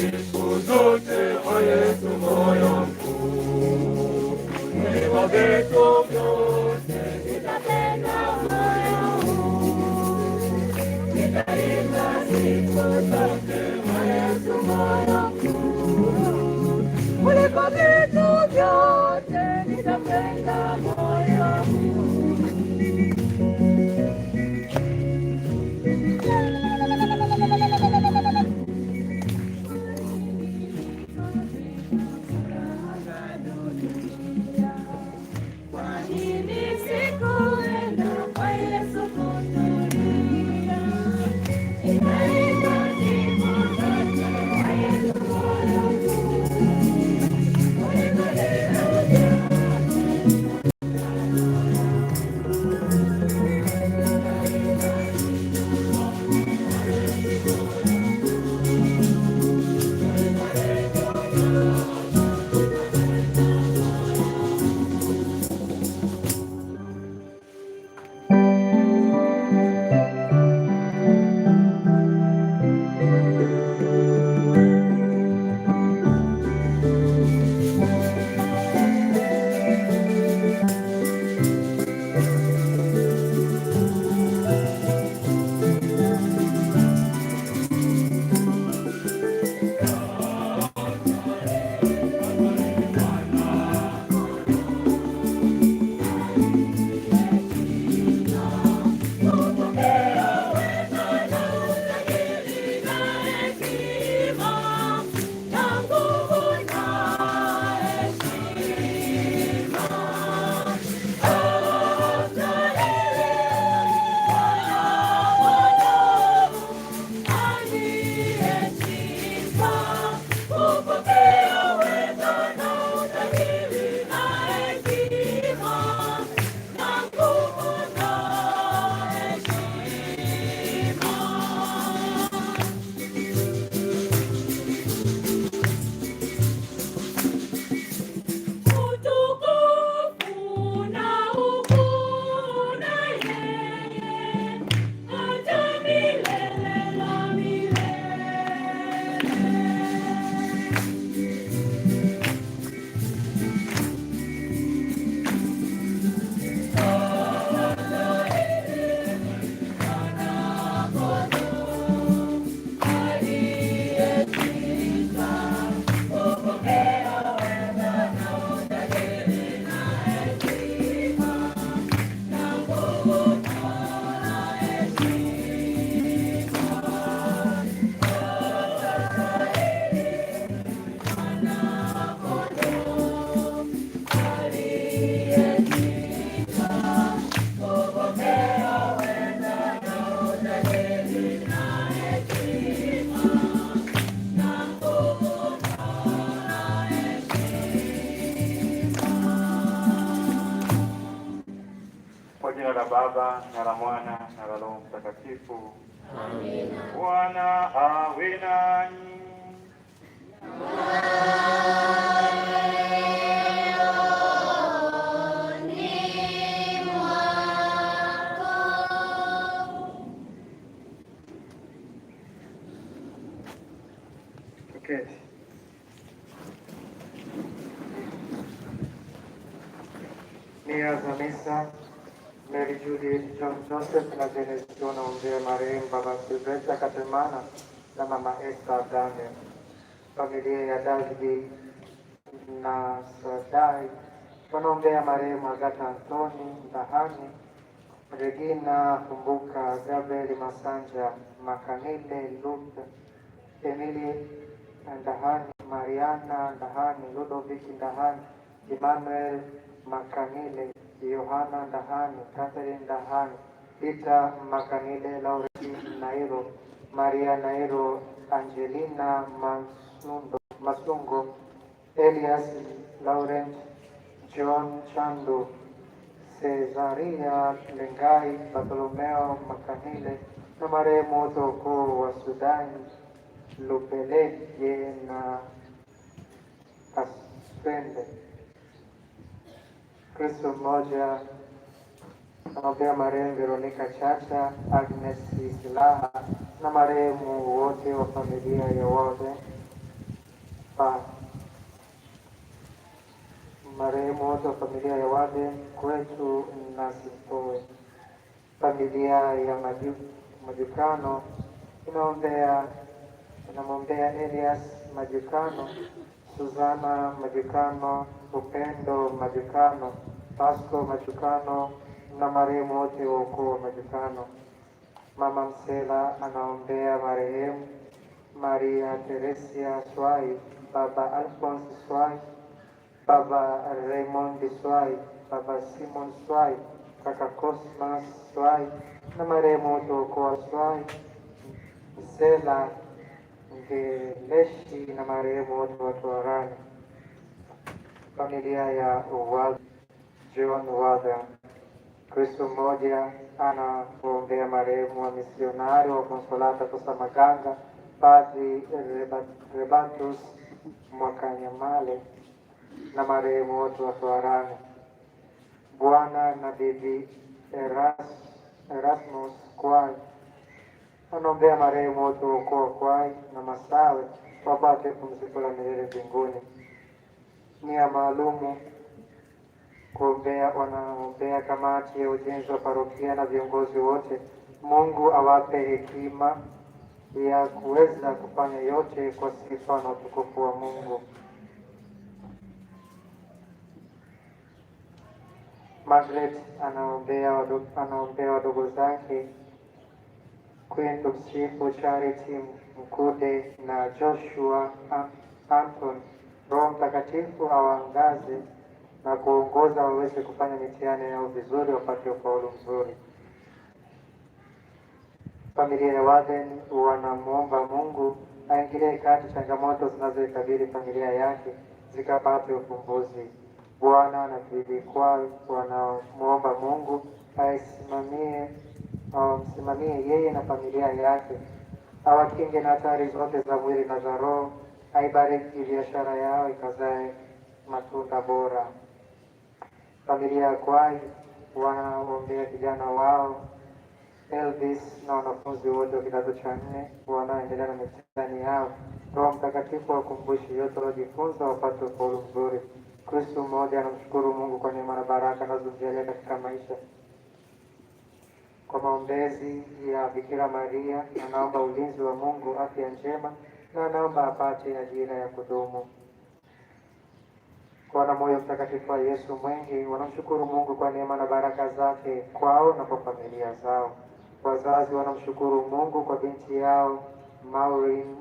siku zote kwa Yesu moyo mkuu, vilima vyetu vyote vitapenda moyo huu, nitaimba siku zote Mtakatifu. Bwana awe nanyi. Okay. Nia za misa Mary Juliet John Joseph na Janet John marehemu Baba Silvester Katemana na Mama Esther Daniel, familia ya Daudi na Sadai. Tunaombea marehemu Agata Antoni Ndahani, Regina Kumbuka, Gabriel Masanja, Makanile Luke, Emili Ndahani, Mariana Ndahani, Ludovic Ndahani, Emmanuel Makanile Yohana Ndahani, Catherine Ndahani, Peter Makanile, Laurenti Nairo, Maria Nairo, Angelina Masundo, Masungo, Elias Laurent, John Chandu, Cesaria Lengai, Bartolomeo Makanile na marehemu wote ukoo wa Sudani Lupeleke na Kaspende. Kristo mmoja naombea marehemu Veronica Chacha, Agnes Silaha na marehemu wote wa familia ya Walden marehemu wote wa familia ya Walden kwetu na familia ya Majukano inaombea inamwombea Elias Majukano, Suzana Majukano, Upendo Majukano Pasco Machukano na marehemu wote wa ukoo wa Machukano. Mama Msela anaombea marehemu Maria Teresia Swai, Baba Alphonse Swai, Baba Raymond Swai, Baba Simon Swai, kaka Cosmas Swai na marehemu wote wa ukoo wa Swai, Msela Ngeleshi na marehemu wote wa Twarani, familia ya uwazi John Wada. Kristo mmoja anaombea marehemu wa misionari wa Konsolata Kusamaganga Padri Rebatus Mwakanyamale na marehemu wote wa toharani. Bwana na Bibi Eras, Erasmus Kwai anaombea marehemu wote wa ukoo Kwai na Masawe wapate pumziko la milele mbinguni. Nia maalumu wanaombea kamati ya ujenzi wa parokia na viongozi wote. Mungu awape hekima ya kuweza kufanya yote kwa sifa na utukufu wa Mungu. Margaret anaombea wadogo zake Queen Lusifu, Charity Mkude na Joshua Anton. Roho Mtakatifu awaangaze na kuongoza waweze kufanya mitihani yao vizuri, wapate ufaulu mzuri. Familia ya Waden wanamwomba Mungu aingilie kati changamoto zinazoikabili familia yake zikapate ufumbuzi. Bwana na Bibikwa wanamwomba Mungu aisimamie amsimamie yeye na familia yake, awakinge na hatari zote za mwili na za roho, aibariki biashara yao ikazae matunda bora familia ya Kwai wanaombea kijana wao Elvis na wanafunzi wote wa kidato cha nne wanaoendelea na mitihani yao. Roho Mtakatifu wakumbushi yote waliojifunza, wapate ufaulu mzuri. Kristo mmoja anamshukuru Mungu kwa neema na baraka anazojalia katika maisha. Kwa maombezi ya Bikira Maria anaomba ulinzi wa Mungu, afya njema, na anaomba apate ajira ya kudumu na moyo mtakatifu wa Yesu mwingi wanamshukuru Mungu kwa neema na baraka zake kwao na kwa familia zao. Wazazi wanamshukuru Mungu kwa binti yao Maureen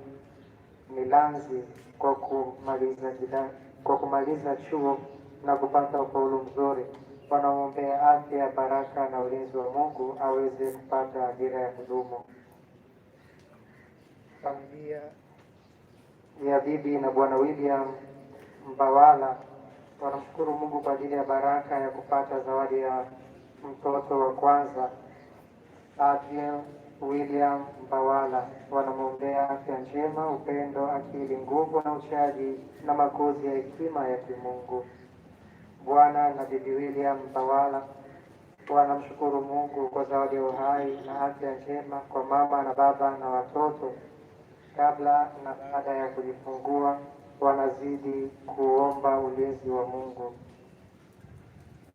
Milanzi kwa kumaliza jida, kwa kumaliza chuo na kupata ufaulu mzuri. Wanamwombea afya, baraka na ulinzi wa Mungu aweze kupata ajira ya kudumu. Familia ya bibi na bwana William Mbawala Tunamshukuru Mungu kwa ajili ya baraka ya kupata zawadi ya mtoto wa kwanza Adrian William Mbawala. Wanamwombea afya njema, upendo, akili, nguvu na uchaji na makozi ya hekima ya kimungu. Bwana na Bibi William Mbawala wanamshukuru Mungu kwa zawadi ya uhai na afya njema kwa mama na baba na watoto kabla na baada ya kujifungua wanazidi kuomba ulinzi wa Mungu.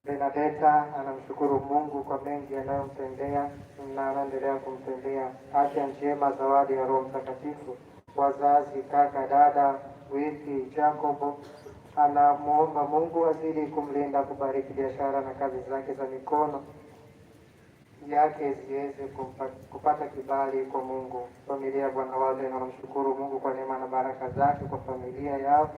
Benadeta anamshukuru Mungu kwa mengi anayomtendea na anaendelea kumtendea. Afya njema, zawadi ya Roho Mtakatifu. Wazazi, kaka, dada, wiki, Jacobo anamwomba Mungu azidi kumlinda, kubariki biashara na kazi zake za mikono yake ziweze kupata kibali kwa Mungu. Familia ya Bwana Walde wanamshukuru Mungu kwa neema na baraka zake kwa familia yao